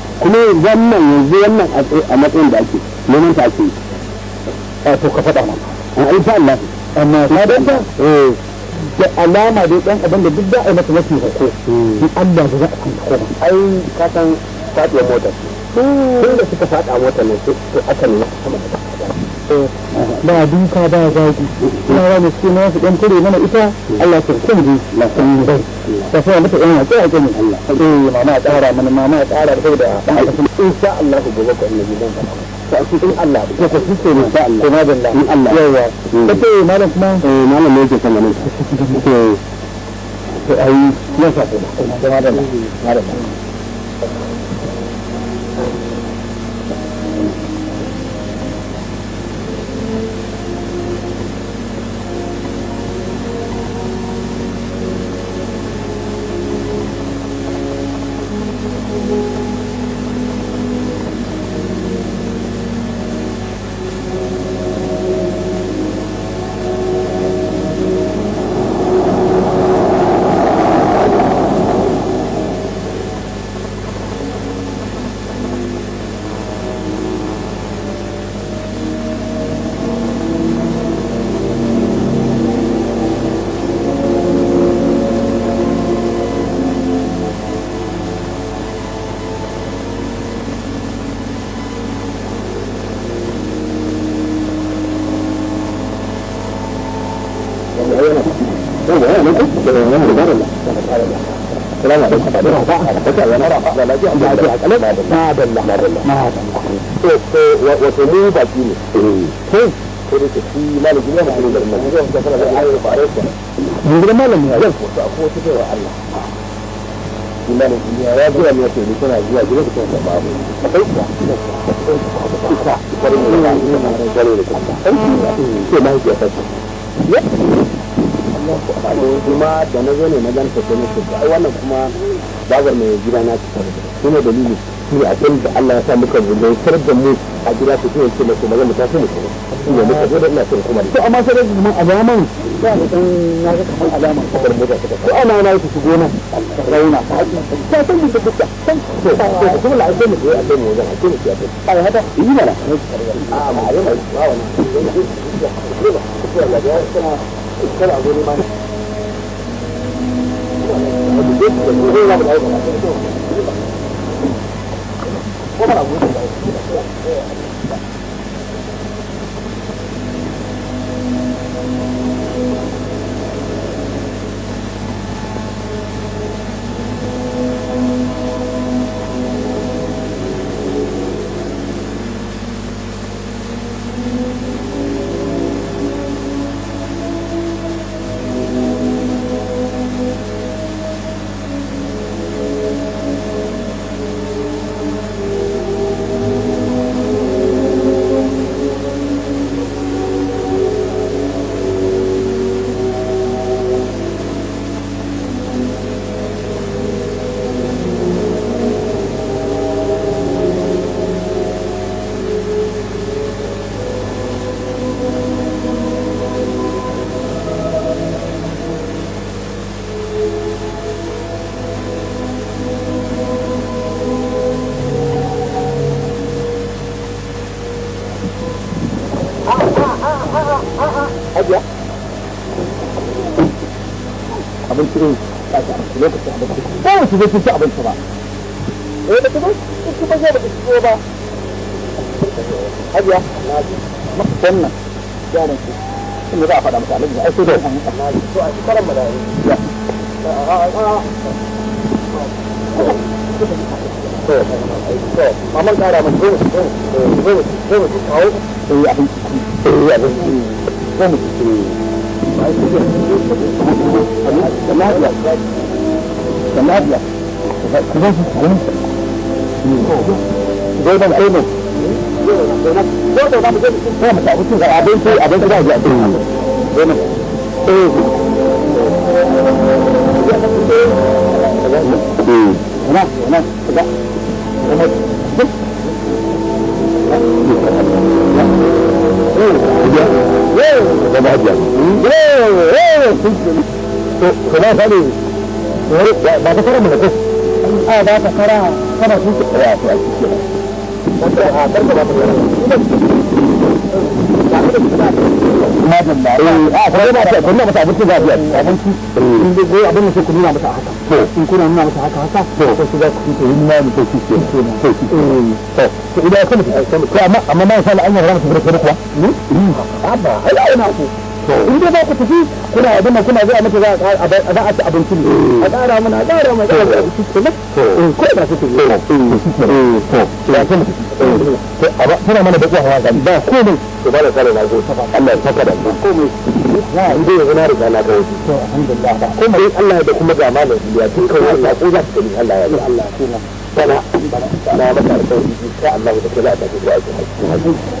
kuma wannan yanzu wannan a matsayin da ake neman ta ake a to ka faɗa mana in sha Allah amma na dan ta? Eh. da alama dai dan abin da duk da ai mata mafi hako hmm. in Allah ya za a kan hako ai ka san faɗuwar motar hmm. tun da suka faɗa mota ne to aka ne sama eh, ba duka ba zagi ina wani suna su ɗan kure mana ita hmm. Allah ya kirkin ji na san da sai mata yan wasu a kan Allah eh mama tsara mana mama tsara da da dan Allah insha Allah gobe ko annabi dan ba to a cikin Allah ko ko shi ne insha Allah kuma da Allah Allah yawa hmm. kace malam kuma eh malam ne yake kan nan to ai ya sa ko malam malam to baki ne ko da shi malami ne da Allah ya na wannan kuma babar mai gida na ta dalili ne a kan da Allah ya sa muka zuwa da mu a gida su kuma ce mutum magana ta kuma kuma ne muka zo da ina son kuma to amma sai da mun alaman ya ne dan na ga kamar alaman kamar mota ta ko ana na yi su gona rauna ta san mu da duka san to to kuma la sai mu je a kai mu wajen a kai mu ci a kai ai hada yi mana a ma ai mai wa wannan ne ba ko ya ga kuma kana zo ne ma Thank you. hajiya abinci ne lokacin abinci ba wasu zai ci abinci ba eh da kuma su ba zai da su ba hajiya wannan yaran su inda za a faɗa masa alaji ai da wannan to a shi karan madari ya zan ku da lafiya da da bajiya to ba ta ne a ba ta fara kana su a kuma ba ta abinci to kuna nuna masa haka haka to ko ma ka mutu ma insha Allah an yarda musu barkar kuwa abba ina ina ku to in kuna yadda ma za a za ci abinci a ƙara mana a ƙara mana shi ke ko su ke ya da kuwa ba komai to ya in dai yanzu na riga na ga wasu to alhamdulillah ba kuma in Allah da kuma ga malam tun kan wannan ko za ka gani Allah ya Allah ya tuna bana na maka alƙawari insha Allah da kula da kai da ake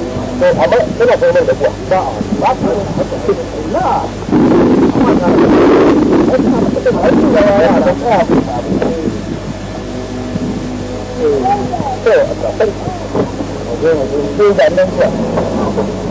to eh, amma tana kai mai da kuwa ba a ba ta na eh, to a kafin ko da nan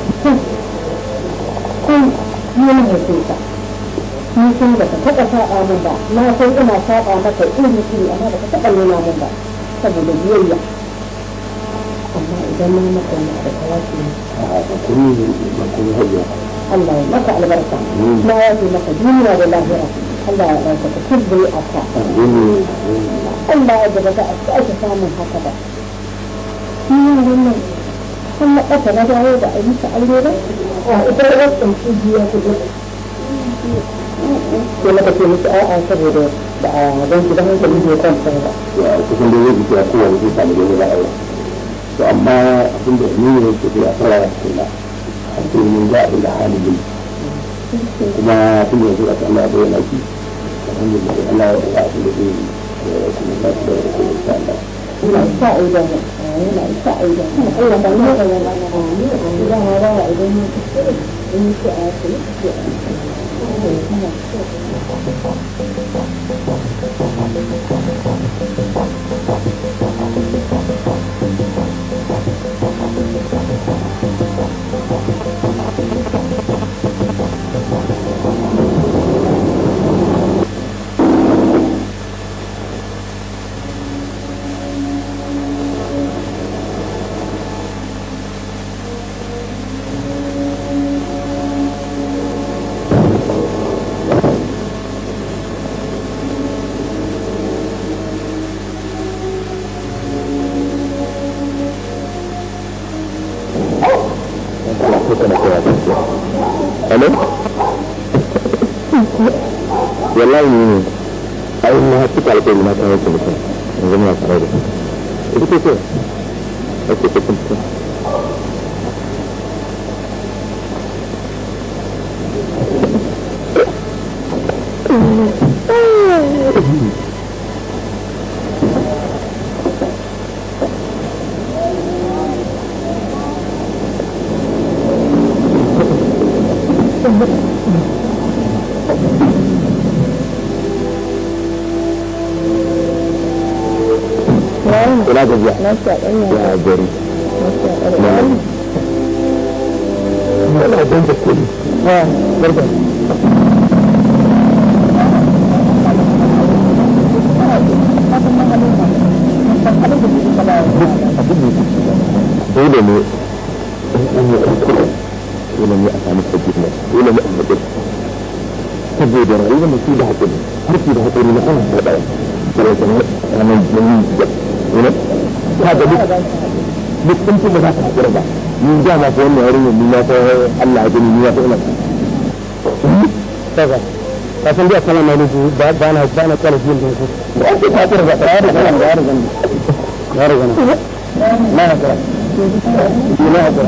dole ne so ka ni san da ka taɓa saɓa min ba na san ina saɓa maka irin iri amma ba ka taɓa nuna min ba saboda biyayya amma idan na maka na da kawaki a kuma ba kuma hajiya Allah ya maka albarka na yaje maka duniya da lahira Allah ya ɗauka ka kubbe a ka Allah ya gaba ka ake samun haka ba ni wannan sun na ƙasa na dawo da ayi ta a ita da wasu ɗauki biya ta gudu ko na kace musu a'a saboda ba a don su da hankali bai kwanta ba kusan da zai jiki a kowane zai samu gani ba to amma abin da ni ne ke a fara kula a cikin yin za a halin kuma tun da yanzu a kan Allah bai yana ki alhamdulillah Allah ya ba abin da zai kuma ba su da ko kuma 你老晒着，哎，你老晒着，哎，我感觉哎呀，哦，你让他到那边，你晒很远，你得弄个遮。alƙawari na kan yake mutum yanzu muna tare da ita ce gajiya ya gari yana don da kuri dole ne dole ne a sami dole ne a na ana haɗa ranar da ne ka ga duk duk sun fi ba za ka hakura ba ni da ma ko wannan yarin ni na ko Allah ya gani ni ya ko ina kaza ka san da sallama ne ba ba na ba na kala jin din ko ba ku ka tura ba ta da sallama da yarin ya riga na na ka ina hakura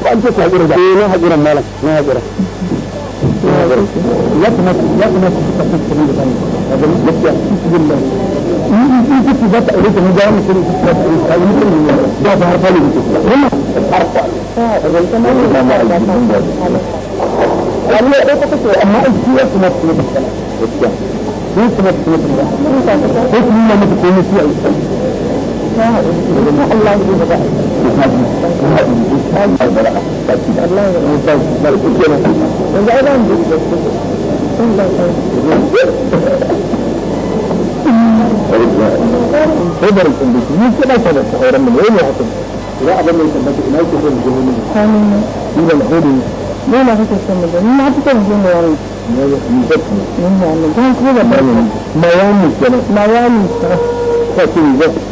ko an ce ka hakura da ina hakura eh, malam na hakura ya kuma ya kuma ta da ban da gaskiya في في ذات أريد أن جاء مثل ذات حرف عليه حرف عليه أما أجزية سنة سنة ليه سنة سنة كيف مما متكون فيه الله يجيب بقى الله يجيب بقى الله يجيب بقى aure da ko da rikin da shi ke da kada ta auren mai yayi hakan idan abin da ya tabbata ina ke son jini ne kanin ne da hudu ne na kake son mu na fita da jini yaron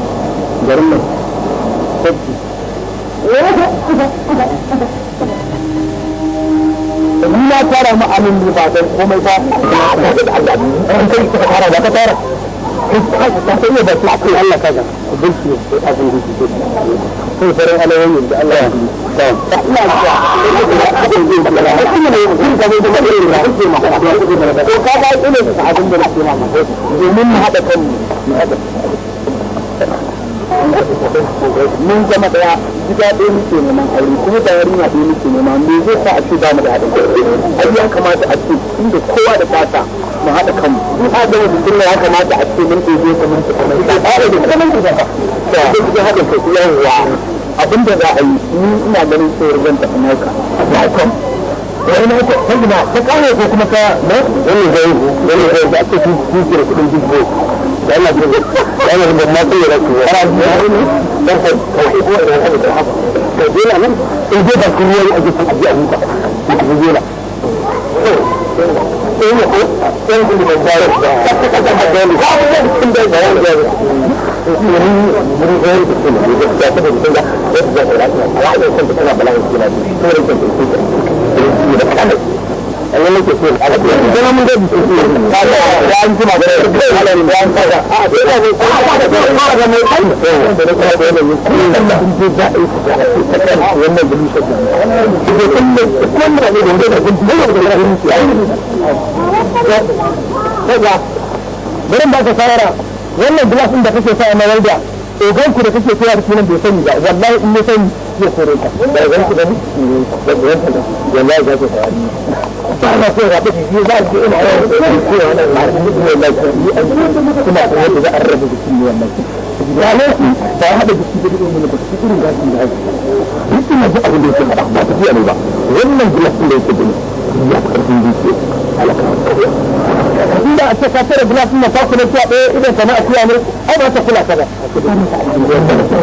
garin nan sabbi ni na tara mu amin ne ba dan komai ba na da Allah an kai ka tara ba ka tara ka sai ya bata kai Allah ka ga dukki ko abin da ke kai farin alawayin da Allah ya ta ina ga abin da ke da kuma ne mun ga da da kake ma ko ka ga ilimin abin da kake ma domin mu hada kanmu mu hada mun zama daya gida ɗaya muke neman aure kuma da yarinya ɗaya muke nema me zai sa a ce ba mu da haɗin kai ya kamata a ce inda kowa da fata mu haɗa kanmu in a gama mutum ya kamata a ce mun ɗaya ka mun tuka mai ba da kuma mun tuka ba da haɗin kai yawwa abin da za a yi ni ina ganin cewar zan tafi nauka nauka wani na hukun kan gina ta kare ko kuma ka na wani zai wani zai da ake kuɗin jirgin da ana so da ana so ma sai ya rasu ya rasu ya a muka ku dole eh ne ko sai ku da tsare da ka ka ka da kun da da da da da da wani wannan da da da bari ba ka wannan da kake sa na walda ogan ku da kake da sunan bai sani ba wallahi in ya sani zai kore ka da ku da ni ku da wallahi za fara ana so ga duk biyu za ki ina yawan ko ko wannan ba ni ne lafiya ni a cikin kuma ko wanda za a rabu da shi wannan ya ne ba hada da shi da irin mun ba shi irin da shi da shi duk ina ji abin da yake fada ba ta biya ne ba wannan gulasin da yake gani ya ya dike alaka inda a ce ka tare gulasin na ka kula ta ɗaya idan kana a kula ne ai ba ta kula ta ba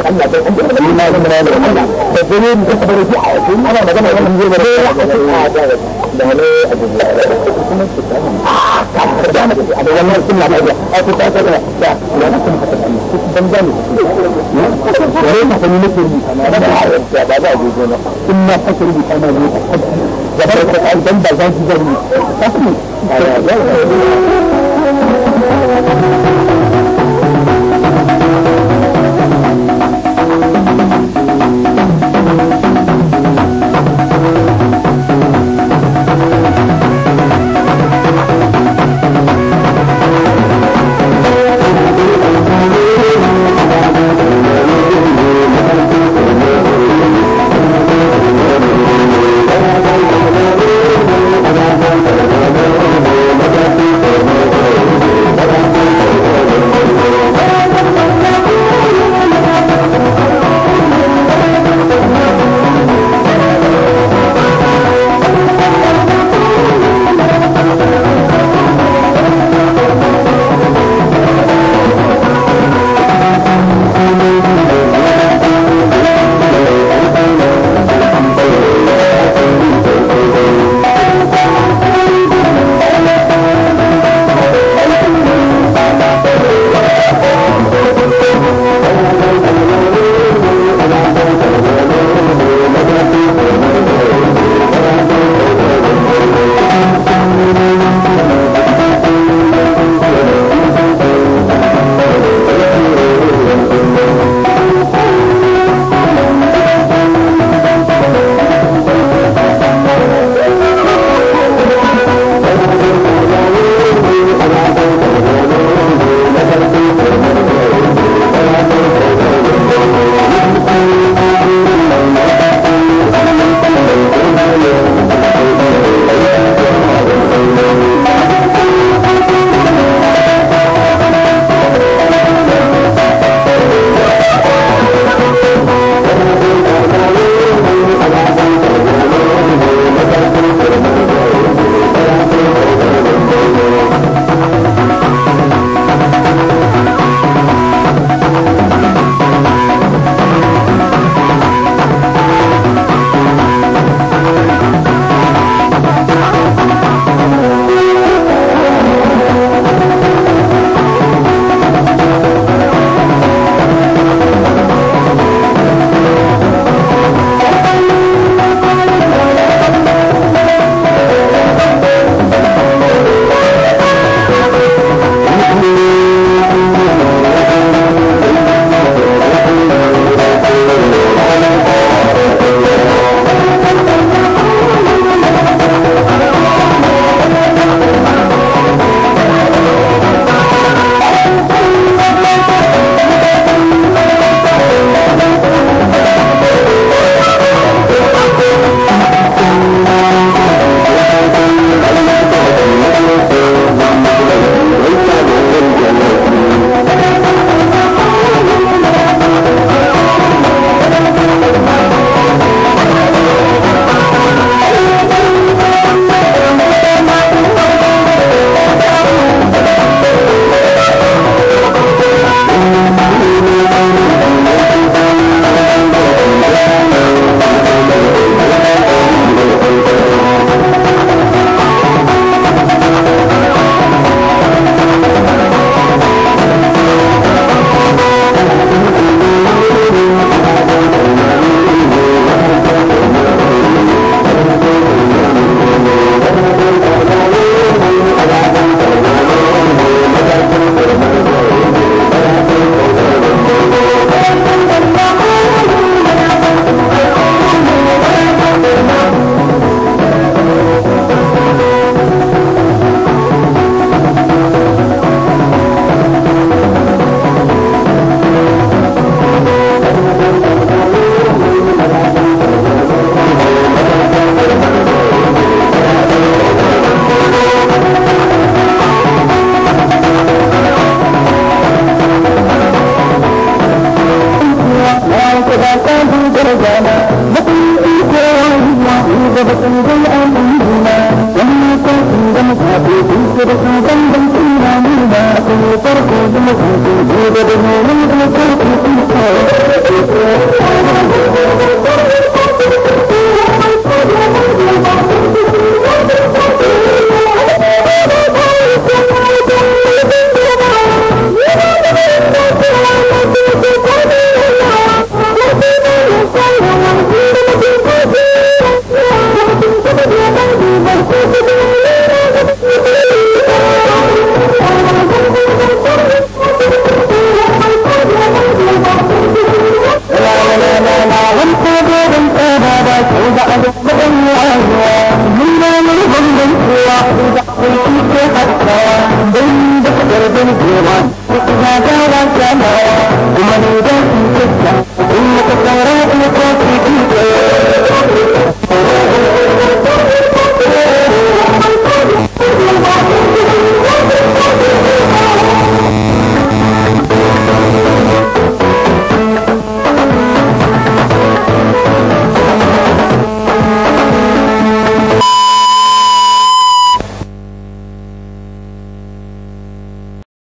Allah bai an da mun na da ya na da da gani da kabari a cikin ana magana wannan ne ba da wani a ne ma ne